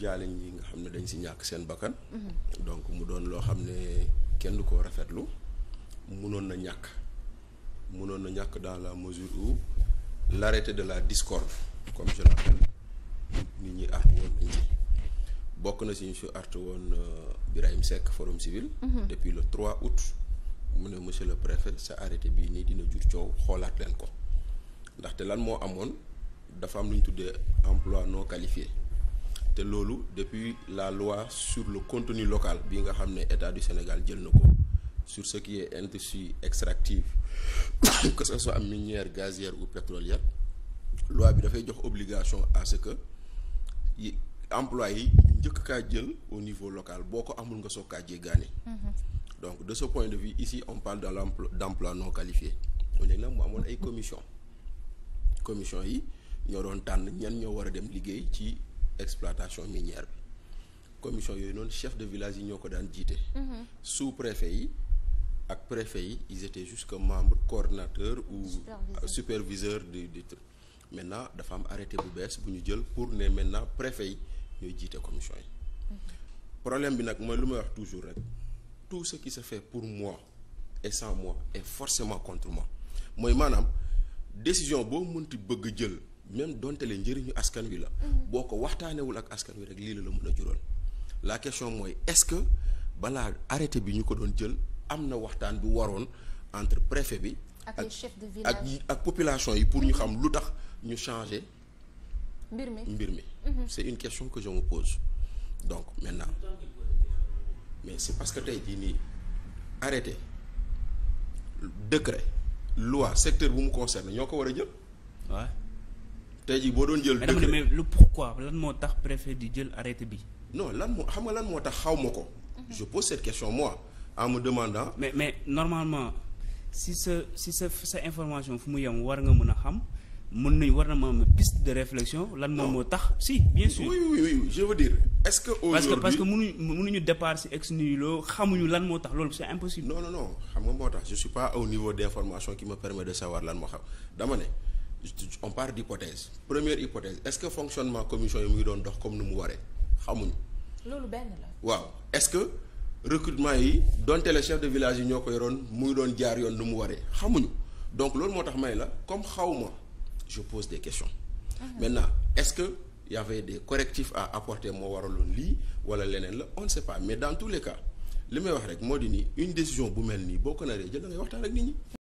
jaale ñi nga xam ne dañ si ñàkk seen bakkan mhm. donc mu doon loo xam ne kenn du ko rafetlu munoon na ñàkk munoon na ñàkk dans la mesure où l'arrêté de la discorde comme je l'appelle nit ñi àtt woon nañ bokk na si ñu si àtt woon euh, Birahim Seck Forum Civil mhm. depuis le trois août mu ne monsieur le préfet sa arrêté bii nii dina jur coow xoolaat leen ko ndaxte lan moo amoon dafa am lu ñu tuddee emploi non qualifié te loolu depuis la loi sur le contenu local bi nga xam ne état du Sénégal jël na ko sur ce qui est industrie extractive que ce soit minière gazière ou pétrolière loi bi dafay jox obligation à ce que yi emploi yi njëkk kaa jël au niveau local boo ko amul nga soog kaa jéggaane mm-hmm. donc de ce point de vue ici on parle de l'emploi d'emploi non qualifié léegi nag mu amoon ay commission commission yi ñoo doon tànn ñan ñoo war a dem liggéey ci exploitation minière bi commission yooyu noonu chef de village yi ñoo ko daan jiite. Mhm. sous préfet yi ak préfet yi ils étaient jusque membre coordonnateur ou superviseur, superviseur du du truc maintenant dafa am arrêté bu bees bu ñu jël pour ne maintenant préfet yi ñooy jiite commission yi. Mhm. problème bi nag mooy lu may wax toujours rek tous ce qui se fait pour moi et sans moi et forcément contre moi mooy maanaam décision boo mënti bëgg jël. même donte le njëriñu askan wi la. Mhm. boo ko waxtaanewul ak askan wi rek lii la la mën a jural. la question mooy est-ce que balaa arrêté bi ñu ko doon jël am na waxtaan bu waroon entre préfet bi. ak les chefs de ak ak yi pour ñu xam mhm. lu tax ñu changer. mbir mi mbir mi. Mhm. c'est une question que je me pose donc maintenant mais c'est parce que tey jii nii arrêté décret loi secteur bu mu concerne ñoo ko war a jël. waaw. tey boo doon jël. décret mais lu pourquoi lan moo tax préfet di jël arrêté bi. non lan moo xam nga lan moo tax xaw ma ko. Mhm. je pose cette question moi en me demandant. mais mais normalement si sa si sa sa information fu mu yem war nga mën a xam mën nañ war na ma am piste de réflexion lan moom moo tax. si bien sûr oui oui oui je veux dire. est ce que parce que parce si ex nihilo xamuñu lan moo tax loolu c' impossible. non non non xam nga moo tax je suis pas au niveau d' information qui me permet de savoir lan moo xam ne. on part d'hypothèse première hypothèse est-ce que fonctionnement commission yi mu ngi doon dox comme nu mu waree xamuñu. waaw est-ce que recrutement yi donte le chef de village yi ñoo ko yoroon mu ngi doon jaar yoon nu mu waree xamuñu donc loolu moo tax may la comme xaw ma je pose des question Ah, mhm. maintenant est-ce que y avait des correctifs à apporter moo waraloon lii wala leneen la on ne sait pas mais dans tous les cas li may wax rek moo di nii une décision bu mel nii boo ko naree jël da ngay waxtaan ak nit ñi.